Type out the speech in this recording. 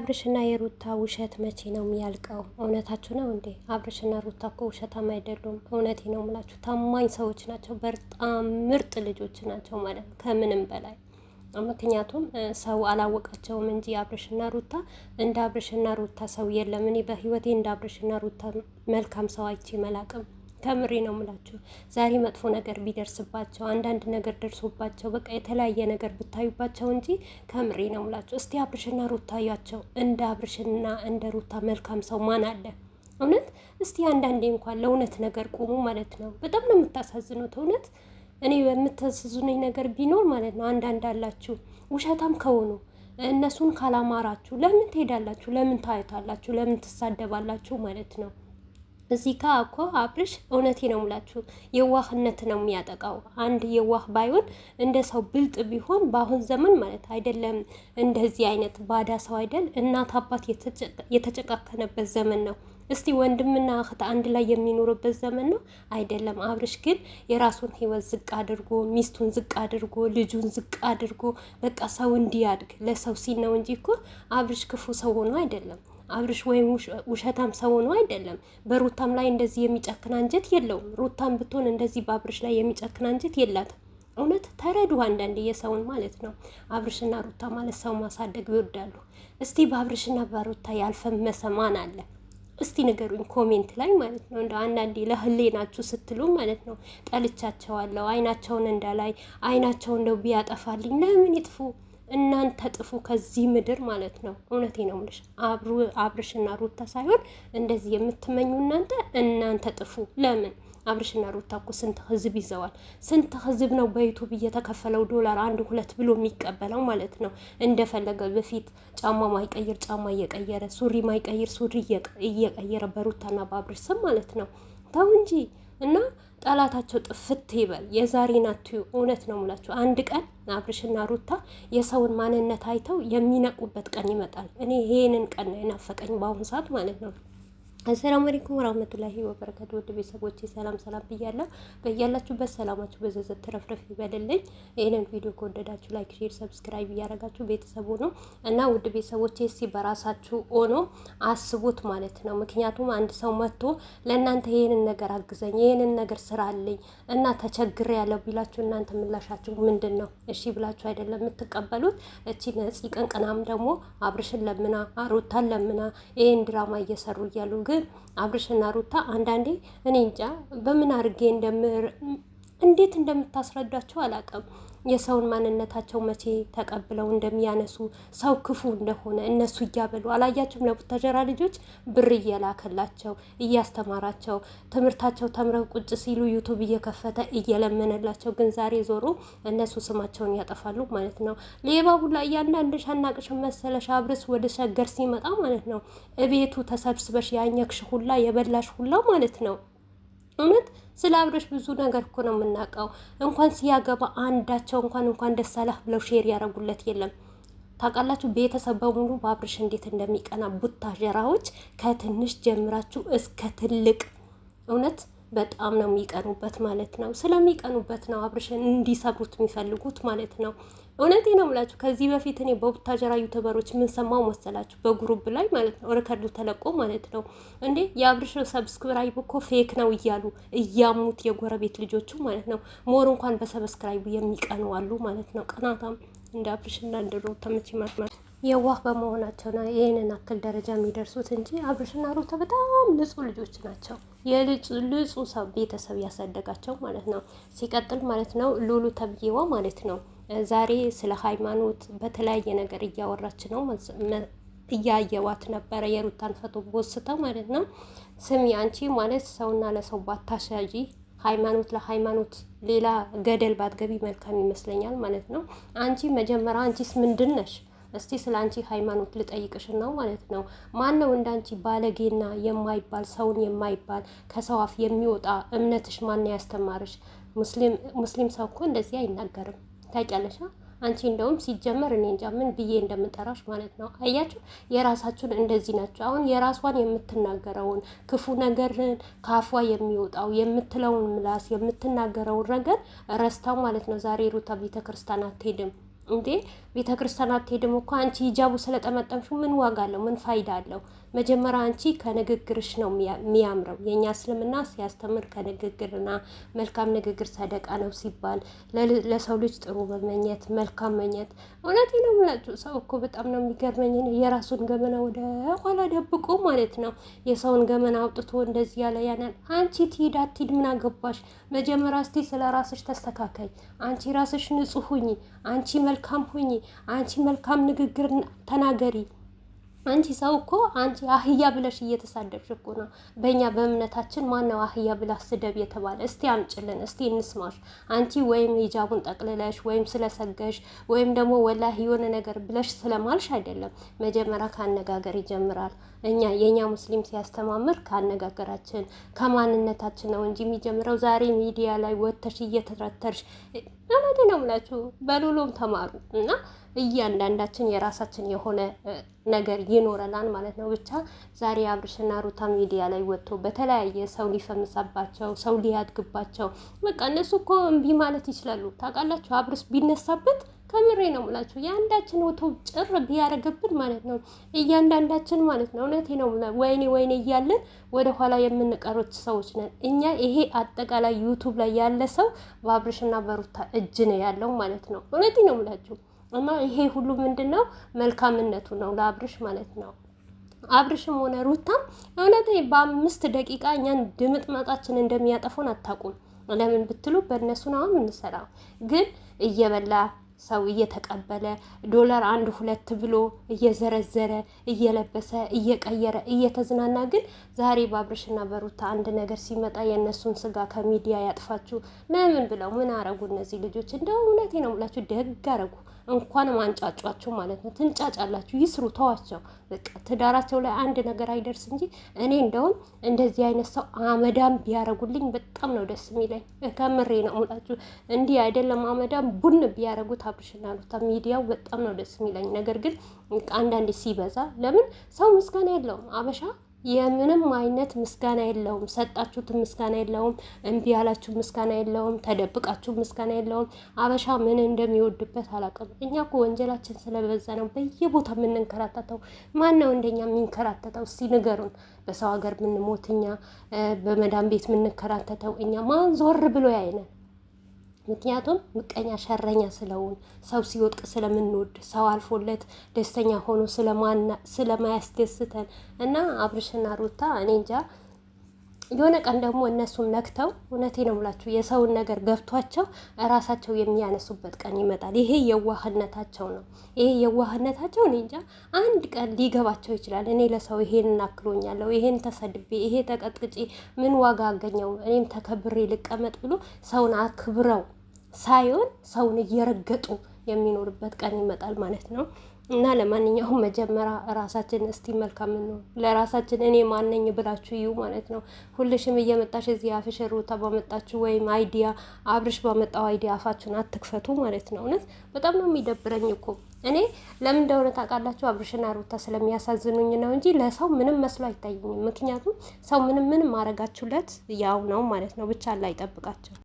የአብርሽና የሩታ ውሸት መቼ ነው የሚያልቀው? እውነታችሁ ነው እንዴ? አብርሽና ሩታ እኮ ውሸታም አይደሉም። እውነቴ ነው የምላችሁ፣ ታማኝ ሰዎች ናቸው። በጣም ምርጥ ልጆች ናቸው ማለት ከምንም በላይ ምክንያቱም ሰው አላወቃቸውም እንጂ አብርሽና ሩታ እንደ አብርሽና ሩታ ሰው የለም። እኔ በህይወቴ እንደ አብርሽና ሩታ መልካም ሰው አይቼ መላቅም ተምሬ ነው የምላቸው። ዛሬ መጥፎ ነገር ቢደርስባቸው አንዳንድ ነገር ደርሶባቸው በቃ የተለያየ ነገር ብታዩባቸው እንጂ ከምሬ ነው የምላቸው። እስቲ አብርሽና ሩታ ያቸው እንደ አብርሽና እንደ ሩታ መልካም ሰው ማን አለ? እውነት እስቲ አንዳንዴ እንኳን ለእውነት ነገር ቁሙ ማለት ነው። በጣም ነው የምታሳዝኑት። እውነት እኔ የምታሳዝኑኝ ነገር ቢኖር ማለት ነው አንዳንድ አላችሁ ውሸታም ከሆኑ እነሱን ካላማራችሁ ለምን ትሄዳላችሁ? ለምን ታዩታላችሁ? ለምን ትሳደባላችሁ ማለት ነው። እዚህ ጋ እኮ አብርሽ እውነቴ ነው ሙላችሁ የዋህነት ነው የሚያጠቃው። አንድ የዋህ ባይሆን እንደ ሰው ብልጥ ቢሆን በአሁን ዘመን ማለት አይደለም እንደዚህ አይነት ባዳ ሰው አይደል። እናት አባት የተጨቃከነበት ዘመን ነው። እስቲ ወንድምና እህት አንድ ላይ የሚኖርበት ዘመን ነው አይደለም። አብርሽ ግን የራሱን ህይወት ዝቅ አድርጎ ሚስቱን ዝቅ አድርጎ ልጁን ዝቅ አድርጎ በቃ ሰው እንዲያድግ ለሰው ሲል ነው እንጂ እኮ አብርሽ ክፉ ሰው ሆኖ አይደለም። አብርሽ ወይም ውሸታም ሰው ነው አይደለም። በሩታም ላይ እንደዚህ የሚጨክን አንጀት የለውም። ሩታም ብትሆን እንደዚህ በአብርሽ ላይ የሚጨክን አንጀት የላትም። እውነት ተረዱ። አንዳንድ የሰውን ማለት ነው አብርሽና ሩታ ማለት ሰው ማሳደግ ይወዳሉ። እስቲ በአብርሽና በሩታ ያልፈመሰ ማን አለ? እስቲ ንገሩኝ፣ ኮሜንት ላይ ማለት ነው። እንደ አንዳንዴ ለህሌናችሁ ስትሉ ማለት ነው ጠልቻቸዋለሁ፣ አይናቸውን እንደላይ አይናቸው እንደው ቢያጠፋልኝ ለምን ይጥፉ እናንተ ጥፉ ከዚህ ምድር ማለት ነው። እውነቴ ነው የምልሽ አብርሽና ሩታ ሳይሆን እንደዚህ የምትመኙ እናንተ እናንተ ጥፉ። ለምን አብርሽና ሩታ እኮ ስንት ህዝብ ይዘዋል። ስንት ህዝብ ነው በዩቱብ እየተከፈለው ዶላር አንድ ሁለት ብሎ የሚቀበለው ማለት ነው። እንደፈለገ በፊት ጫማ ማይቀይር ጫማ እየቀየረ ሱሪ ማይቀይር ሱሪ እየቀየረ በሩታና በአብርሽ ስም ማለት ነው። ተው እንጂ እና ጠላታቸው ጥፍት ይበል። የዛሬን አትዩ። እውነት ነው ሙላችሁ። አንድ ቀን አብርሽና ሩታ የሰውን ማንነት አይተው የሚነቁበት ቀን ይመጣል። እኔ ይሄንን ቀን ነው የናፈቀኝ በአሁኑ ሰዓት ማለት ነው። አሰላሙ አለይኩም ወራህመቱላሂ ወበረካቱ ውድ ቤተሰቦቼ ሰላም ሰላም ብያለሁ። በያላችሁበት ሰላማችሁ በዘዘት ተረፍረፍ ይበልልኝ። ይህንን ቪዲዮ ከወደዳችሁ ላይክ፣ ሼር፣ ሰብስክራይብ እያደረጋችሁ ቤተሰቡ ነው እና ውድ ቤተሰቦቼ እስቲ በራሳችሁ ሆኖ አስቡት ማለት ነው። ምክንያቱም አንድ ሰው መጥቶ ለእናንተ ይህንን ነገር አግዘኝ፣ ይህንን ነገር ስራልኝ እና ተቸግሬ ያለው ቢላችሁ እናንተ ምላሻችሁ ምንድን ነው? እሺ ብላችሁ አይደለም የምትቀበሉት። እቺ ነፂ ቀንቅናም ደግሞ አብርሽን ለምና ሩታን ለምና ይህን ድራማ እየሰሩ እያሉ ግን አብርሽና ሩታ አንዳንዴ እኔ እንጃ በምን አድርጌ እንደምር እንዴት እንደምታስረዳቸው አላውቅም። የሰውን ማንነታቸው መቼ ተቀብለው እንደሚያነሱ ሰው ክፉ እንደሆነ እነሱ እያበሉ አላያቸውም። ለቡታጀራ ልጆች ብር እየላከላቸው እያስተማራቸው ትምህርታቸው ተምረው ቁጭ ሲሉ ዩቱብ እየከፈተ እየለመነላቸው፣ ግን ዛሬ ዞሮ እነሱ ስማቸውን ያጠፋሉ ማለት ነው። ሌባ ሁላ እያንዳንድ ሻናቅሽ መሰለሽ አብርስ ወደ ሸገር ሲመጣ ማለት ነው እቤቱ ተሰብስበሽ ያኘክሽ ሁላ የበላሽ ሁላ ማለት ነው። እውነት ስለ አብረሽ ብዙ ነገር እኮ ነው የምናውቀው። እንኳን ሲያገባ አንዳቸው እንኳን እንኳን ደስ አለህ ብለው ሼር ያደረጉለት የለም። ታውቃላችሁ ቤተሰብ በሙሉ በአብርሽ እንዴት እንደሚቀና ቡታጀራዎች ከትንሽ ጀምራችሁ እስከ ትልቅ እውነት በጣም ነው የሚቀኑበት ማለት ነው። ስለሚቀኑበት ነው አብርሽን እንዲሰብሩት የሚፈልጉት ማለት ነው። እውነቴ ነው ምላችሁ። ከዚህ በፊት እኔ በቡታጀራ ዩቱበሮች ምን ሰማው መሰላችሁ? በግሩፕ ላይ ማለት ነው ሪከርዱ ተለቆ ማለት ነው እንዴ የአብርሽ ሰብስክራይብ እኮ ፌክ ነው እያሉ እያሙት የጎረቤት ልጆቹ ማለት ነው። ሞር እንኳን በሰብስክራይቡ የሚቀኑ አሉ ማለት ነው። ቅናታም እንደ አብርሽና እንደ ሩታ መቼ ማጥማት የዋህ በመሆናቸው ነው ይህንን አክል ደረጃ የሚደርሱት እንጂ አብርሽና ሩታ በጣም ንጹህ ልጆች ናቸው። የንጹህ ሰው ቤተሰብ ያሳደጋቸው ማለት ነው። ሲቀጥል ማለት ነው ሉሉ ተብዬዋ ማለት ነው ዛሬ ስለ ሃይማኖት በተለያየ ነገር እያወራች ነው። እያየዋት ነበረ የሩታን ፈቶ ቦስታ ማለት ነው። ስሚ አንቺ ማለት ሰውና ለሰው ባታሻጂ ሃይማኖት ለሃይማኖት ሌላ ገደል ባትገቢ መልካም ይመስለኛል ማለት ነው። አንቺ መጀመሪያ አንቺስ ምንድን ነሽ? እስቲ ስለ አንቺ ሃይማኖት ልጠይቅሽ ነው ማለት ነው። ማን ነው እንደ አንቺ ባለጌና የማይባል ሰውን የማይባል ከሰው አፍ የሚወጣ እምነትሽ ማን ያስተማርሽ? ሙስሊም ሰው እኮ እንደዚህ አይናገርም። ታውቂያለሽ። አንቺ እንደውም ሲጀመር እኔ እንጃ ምን ብዬ እንደምጠራሽ ማለት ነው። አያችሁ የራሳችሁን እንደዚህ ናቸው። አሁን የራሷን የምትናገረውን ክፉ ነገርን ከአፏ የሚወጣው የምትለውን ምላስ የምትናገረውን ነገር ረስታው ማለት ነው። ዛሬ ሩታ ቤተ ክርስቲያን አትሄድም እንዴ? ቤተ ክርስቲያን አትሄድም እኮ አንቺ ሂጃቡ ስለጠመጠምሽ ምን ዋጋ አለው? ምን ፋይዳ አለው? መጀመሪያ አንቺ ከንግግርሽ ነው የሚያምረው። የእኛ እስልምና ሲያስተምር ከንግግርና መልካም ንግግር ሰደቃ ነው ሲባል ለሰው ልጅ ጥሩ መመኘት፣ መልካም መኘት። እውነት ነው የምላችሁ ሰው እኮ በጣም ነው የሚገርመኝ። የራሱን ገመና ወደ ኋላ ደብቆ ማለት ነው የሰውን ገመና አውጥቶ እንደዚህ ያለ ያናል። አንቺ ትሂድ አትሂድ ምን አገባሽ? መጀመሪያ እስቲ ስለ ራስሽ ተስተካከይ። አንቺ ራስሽ ንጹህ ሁኚ፣ አንቺ መልካም ሁኚ፣ አንቺ መልካም ንግግር ተናገሪ። አንቺ ሰው እኮ አንቺ አህያ ብለሽ እየተሳደብሽ እኮ ነው። በእኛ በእምነታችን ማነው አህያ ብላ ስደብ የተባለ? እስቲ አምጭልን፣ እስቲ እንስማሽ። አንቺ ወይም ሂጃቡን ጠቅልለሽ ወይም ስለሰገሽ ወይም ደግሞ ወላሂ የሆነ ነገር ብለሽ ስለማልሽ አይደለም። መጀመሪያ ከአነጋገር ይጀምራል። እኛ የእኛ ሙስሊም ሲያስተማምር ከአነጋገራችን ከማንነታችን ነው እንጂ የሚጀምረው። ዛሬ ሚዲያ ላይ ወጥተሽ እየተረተርሽ እውነቴ ነው የምላችሁ። በሉሎም ተማሩ እና እያንዳንዳችን የራሳችን የሆነ ነገር ይኖረናል ማለት ነው። ብቻ ዛሬ አብርሽና ሩታ ሚዲያ ላይ ወጥቶ በተለያየ ሰው ሊፈምሳባቸው፣ ሰው ሊያድግባቸው፣ በቃ እነሱ እኮ እምቢ ማለት ይችላሉ። ታውቃላችሁ አብርስ ቢነሳበት ከምሬ ነው የምላችሁ የአንዳችን ዩቱብ ጭር ቢያደርግብን ማለት ነው እያንዳንዳችን ማለት ነው። እውነቴ ነው ወይኔ ወይኔ እያለን ወደኋላ የምንቀሩት ሰዎች ነን እኛ። ይሄ አጠቃላይ ዩቱብ ላይ ያለ ሰው በአብርሽና በሩታ እጅ ነው ያለው ማለት ነው። እውነቴ ነው የምላችሁ እና ይሄ ሁሉ ምንድን ነው መልካምነቱ ነው ለአብርሽ ማለት ነው። አብርሽም ሆነ ሩታም እውነት በአምስት ደቂቃ እኛን ድምጥማጣችን እንደሚያጠፉን አታውቁም። ለምን ብትሉ በእነሱን አሁን እንሰራ ግን እየበላ ሰው እየተቀበለ ዶላር አንድ ሁለት ብሎ እየዘረዘረ እየለበሰ እየቀየረ እየተዝናና ግን ዛሬ በአብርሽና በሩታ አንድ ነገር ሲመጣ የእነሱን ስጋ ከሚዲያ ያጥፋችሁ ምን ብለው ምን አረጉ እነዚህ ልጆች? እንደው እውነቴ ነው ብላችሁ ደግ አረጉ። እንኳን አንጫጫችሁ ማለት ነው። ትንጫጫላችሁ፣ ይስሩ፣ ተዋቸው። በቃ ትዳራቸው ላይ አንድ ነገር አይደርስ እንጂ እኔ እንደውም እንደዚህ አይነት ሰው አመዳም ቢያረጉልኝ በጣም ነው ደስ የሚለኝ። ከምሬ ነው ሙላችሁ። እንዲህ አይደለም አመዳም ቡን ቢያረጉት አብርሽና ሩታ ሚዲያው በጣም ነው ደስ የሚለኝ። ነገር ግን አንዳንዴ ሲበዛ ለምን ሰው ምስጋና የለውም አበሻ የምንም አይነት ምስጋና የለውም። ሰጣችሁት ምስጋና የለውም። እምቢ ያላችሁ ምስጋና የለውም። ተደብቃችሁ ምስጋና የለውም። አበሻ ምን እንደሚወድበት አላውቅም። እኛ እኮ ወንጀላችን ስለበዛ ነው በየቦታ የምንንከራተተው። ማን ነው እንደኛ የሚንከራተተው? እስቲ ንገሩን። በሰው ሀገር ምንሞት እኛ፣ በመዳን ቤት የምንከራተተው እኛ። ማን ዞር ብሎ ያይነን? ምክንያቱም ምቀኛ ሸረኛ ስለውን ሰው ሲወድቅ ስለምንወድ ሰው አልፎለት ደስተኛ ሆኖ ስለማያስደስተን እና አብርሽና ሩታ እኔ እንጃ የሆነ ቀን ደግሞ እነሱም ነክተው እውነቴ ነው ብላችሁ የሰውን ነገር ገብቷቸው ራሳቸው የሚያነሱበት ቀን ይመጣል። ይሄ የዋህነታቸው ነው። ይሄ የዋህነታቸው እኔ እንጃ አንድ ቀን ሊገባቸው ይችላል። እኔ ለሰው ይሄን እናክሎኛለሁ፣ ይሄን ተሰድቤ፣ ይሄ ተቀጥቅጬ ምን ዋጋ አገኘው እኔም ተከብሬ ልቀመጥ ብሎ ሰውን አክብረው ሳይሆን ሰውን እየረገጡ የሚኖርበት ቀን ይመጣል ማለት ነው። እና ለማንኛውም መጀመሪያ ራሳችን እስቲ መልካም ነው ለራሳችን እኔ ማነኝ ብላችሁ እዩ ማለት ነው። ሁልሽም እየመጣሽ እዚህ አፍሽ ሩታ ባመጣችሁ ወይም አይዲያ አብርሽ ባመጣው አይዲያ አፋችሁን አትክፈቱ ማለት ነው። እውነት በጣም ነው የሚደብረኝ እኮ እኔ ለምን እንደሆነ ታውቃላችሁ፣ አብርሽና ሩታ ስለሚያሳዝኑኝ ነው እንጂ ለሰው ምንም መስሎ አይታየኝም። ምክንያቱም ሰው ምንም ምንም ማድረጋችሁለት ያው ነው ማለት ነው። ብቻ ላይ ጠብቃቸው